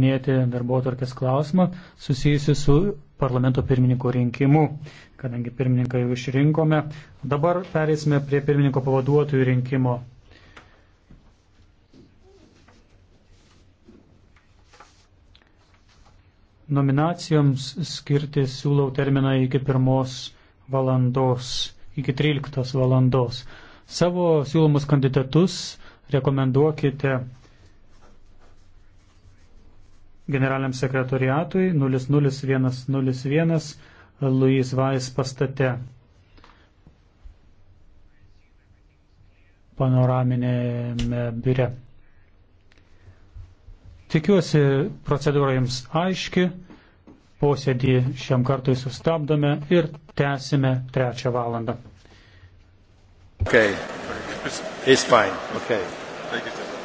minėti darbo atvarkės klausimą susijusi su parlamento pirmininko rinkimu, kadangi pirmininką jau išrinkome. Dabar perėsime prie pirmininko pavaduotojų rinkimo. Nominacijoms skirti siūlau terminą iki 1 valandos, iki 13 valandos. Savo siūlomus kandidatus rekomenduokite generaliniam sekretoriatui 00101 Louis Vais pastate. panoraminėme biure. Tikiuosi, procedūra jums aiški, posėdį šiam kartui sustabdome ir tęsime trečią valandą. Okay. It's fine. Okay. Thank you.